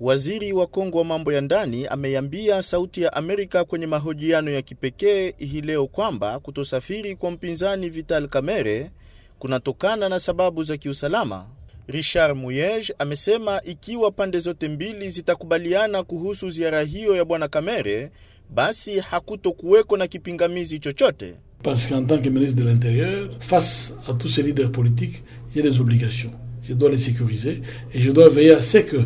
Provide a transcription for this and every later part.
Waziri wa Kongo wa mambo ya ndani ameiambia Sauti ya Amerika kwenye mahojiano ya kipekee hii leo kwamba kutosafiri kwa mpinzani Vital Kamerhe kunatokana na sababu za kiusalama. Richard Muyege amesema ikiwa pande zote mbili zitakubaliana kuhusu ziara hiyo ya bwana Kamerhe, basi hakutokuweko na kipingamizi chochote. Parce qu'en tant que ministre de l'Intérieur, face à tous ces leaders politiques, j'ai des obligations. Je dois les sécuriser et je dois veiller à ce que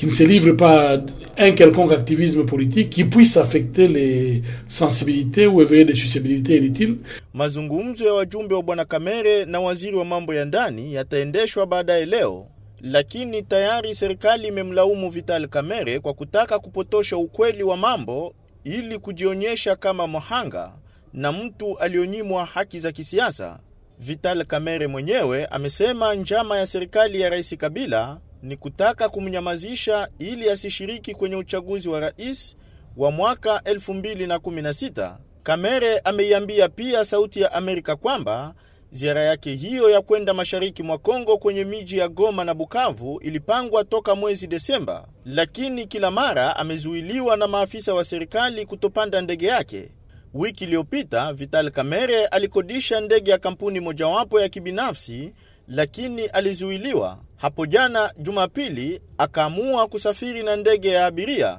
qui ne se livre pas à un quelconque activisme politique qui puisse affecter les sensibilités ou éveiller des susceptibilités inutiles. Mazungumzo ya wajumbe wa Bwana Kamere na waziri wa mambo ya ndani yataendeshwa baadaye leo, lakini tayari serikali imemlaumu Vital Kamere kwa kutaka kupotosha ukweli wa mambo ili kujionyesha kama mhanga na mtu alionyimwa haki za kisiasa. Vital Kamere mwenyewe amesema njama ya serikali ya Rais Kabila ni kutaka kumnyamazisha ili asishiriki kwenye uchaguzi wa rais wa mwaka 2016. Kamere ameiambia pia Sauti ya Amerika kwamba ziara yake hiyo ya kwenda mashariki mwa Kongo kwenye miji ya Goma na Bukavu ilipangwa toka mwezi Desemba, lakini kila mara amezuiliwa na maafisa wa serikali kutopanda ndege yake. Wiki iliyopita Vital Kamere alikodisha ndege ya kampuni mojawapo ya kibinafsi lakini alizuiliwa hapo jana Jumapili, akaamua kusafiri na ndege ya abiria,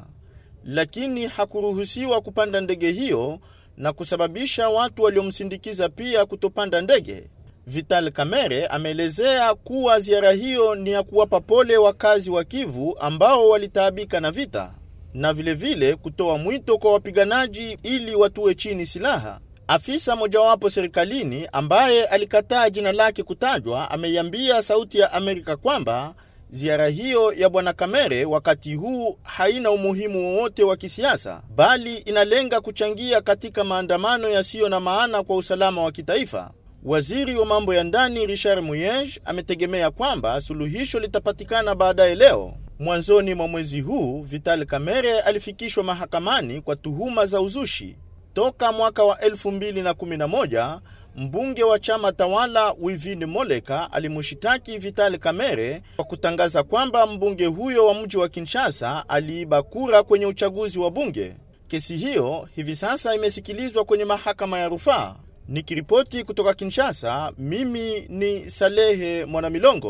lakini hakuruhusiwa kupanda ndege hiyo na kusababisha watu waliomsindikiza pia kutopanda ndege. Vital Kamerhe ameelezea kuwa ziara hiyo ni ya kuwapa pole wakazi wa Kivu ambao walitaabika na vita na vilevile kutoa mwito kwa wapiganaji ili watue chini silaha. Afisa mojawapo serikalini ambaye alikataa jina lake kutajwa ameiambia Sauti ya Amerika kwamba ziara hiyo ya bwana Kamere wakati huu haina umuhimu wowote wa kisiasa, bali inalenga kuchangia katika maandamano yasiyo na maana kwa usalama wa kitaifa. Waziri wa mambo ya ndani Richard Muyej ametegemea kwamba suluhisho litapatikana baadaye leo. Mwanzoni mwa mwezi huu, Vital Kamere alifikishwa mahakamani kwa tuhuma za uzushi. Toka mwaka wa 2011 mbunge wa chama tawala wivin Moleka alimushitaki Vital kamere kwa kutangaza kwamba mbunge huyo wa mji wa Kinshasa aliiba kura kwenye uchaguzi wa bunge. Kesi hiyo hivi sasa imesikilizwa kwenye mahakama ya rufaa. Nikiripoti kutoka Kinshasa, mimi ni Salehe Mwanamilongo.